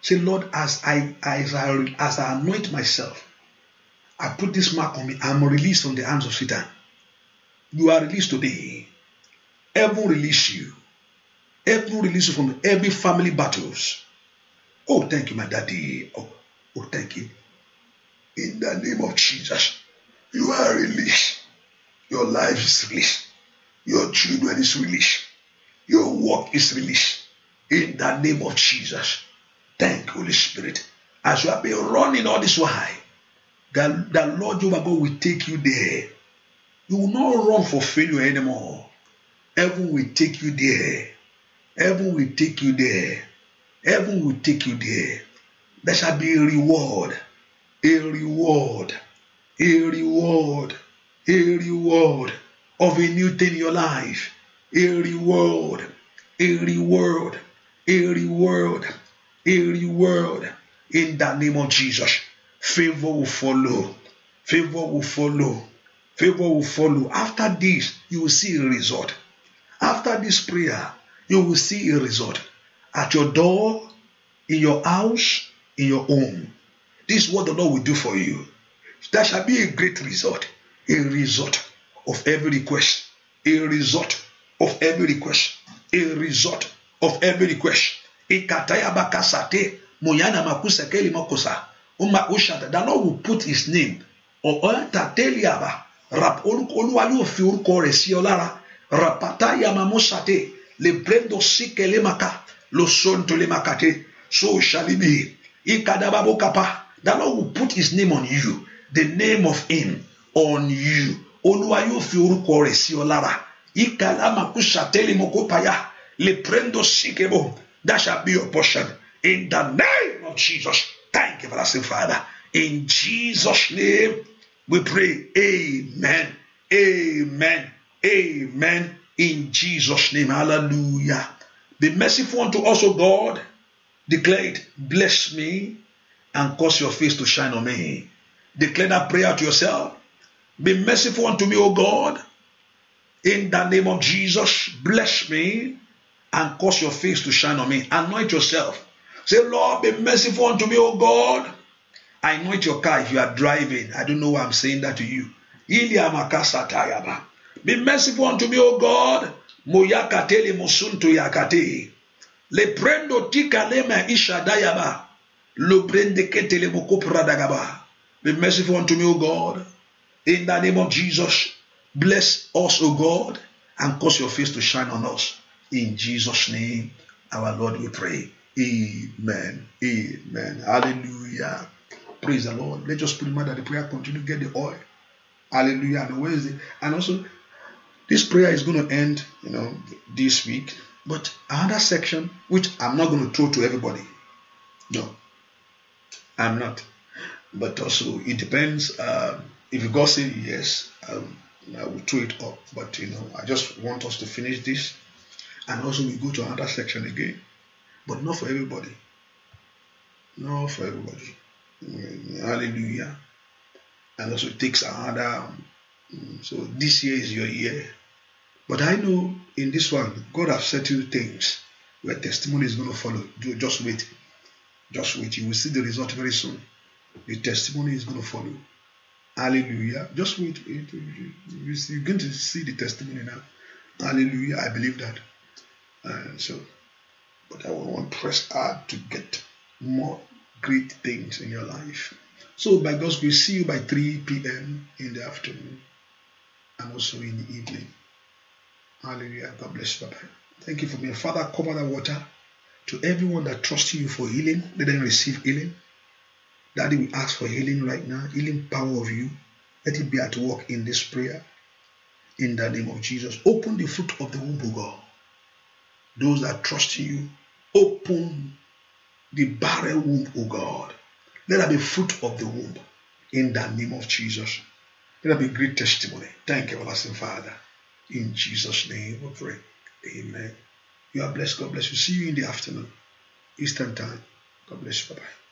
Say, Lord, as I as I as I anoint myself, I put this mark on me. I'm released from the hands of Satan. You are released today. Heaven release you. Heaven release you from every family battles. Oh, thank you, my daddy. Oh, oh thank you. In the name of Jesus, you are released. Your life is released. Your children is released. Your work is released. In the name of Jesus. Thank Holy Spirit. As you have been running all this way, the, the Lord Jehovah God will take you there. You will not run for failure anymore. Heaven will take you there. Heaven will take you there. Heaven will take you there. There shall be a reward a reward, a reward, a reward of a new thing in your life, a reward, a reward, a reward, a reward in the name of Jesus. Favor will follow, favor will follow, favor will follow. After this, you will see a result. After this prayer, you will see a result at your door, in your house, in your home. This is what the Lord will do for you. There shall be a great result, a result of every request, a result of every request, a result of every request. The Lord will put his name olúwa yóò fi orúkọ rẹ̀ sí ọ lára rapata yamamosate le brendo sike lemaka lo sonto lemakate so shall it be ikadababo kapa The Lord will put his name on you, the name of him on you. Olúwa yóò fi orúkọ rẹ̀ sí ọ lára. Ikalama kusateli mokopaya le prendo sikebo. That shall be your portion. In the name of Jesus. Thank you, everlasting Father. In Jesus' name, we pray. Amen. Amen. Amen. In Jesus' name. Hallelujah. Be merciful unto us, O God. Declared, bless me and cause your face to shine on me. Declare that prayer to yourself. Be merciful unto me, O God. In the name of Jesus, bless me and cause your face to shine on me. Anoint yourself. Say, Lord, be merciful unto me, O God. I anoint your car if you are driving. I don't know why I'm saying that to you. Be merciful unto me, O God. Moyakatele musuntu yakate. Leprendo tika lema ishadayaba. Be merciful unto me, O God. In the name of Jesus, bless us, O God, and cause your face to shine on us. In Jesus' name, our Lord, we pray. Amen. Amen. Hallelujah. Praise the Lord. Let us put in that the prayer continue to get the oil. Hallelujah. And Wednesday. And also, this prayer is going to end, you know, this week. But another section, which I'm not going to throw to everybody. No. I'm not. But also, it depends. Uh, if God say yes, um, I will throw it up. But you know, I just want us to finish this, and also we go to another section again. But not for everybody. Not for everybody. Hallelujah. And also, it takes another. Um, so this year is your year. But I know in this one, God have set you things where testimony is going to follow. Just wait. Just wait. You will see the result very soon. The testimony is going to follow. Hallelujah. Just wait. You're going to see the testimony now. Hallelujah. I believe that. Uh, so, but I want to press hard to get more great things in your life. So, by God's grace, see you by 3 p.m. in the afternoon and also in the evening. Hallelujah. God bless you. Bye bye. Thank you for being. Father, cover the water to everyone that trusts you for healing, let them receive healing. Daddy, we ask for healing right now, healing power of you. Let it be at work in this prayer. In the name of Jesus, open the fruit of the womb, O God. Those that trust you, open the barren womb, O God. Let there be fruit of the womb in the name of Jesus. Let there be great testimony. Thank you, everlasting Father. In Jesus' name we pray. Amen. You are blessed. God bless you. See you in the afternoon, Eastern Time. God bless you. Bye bye.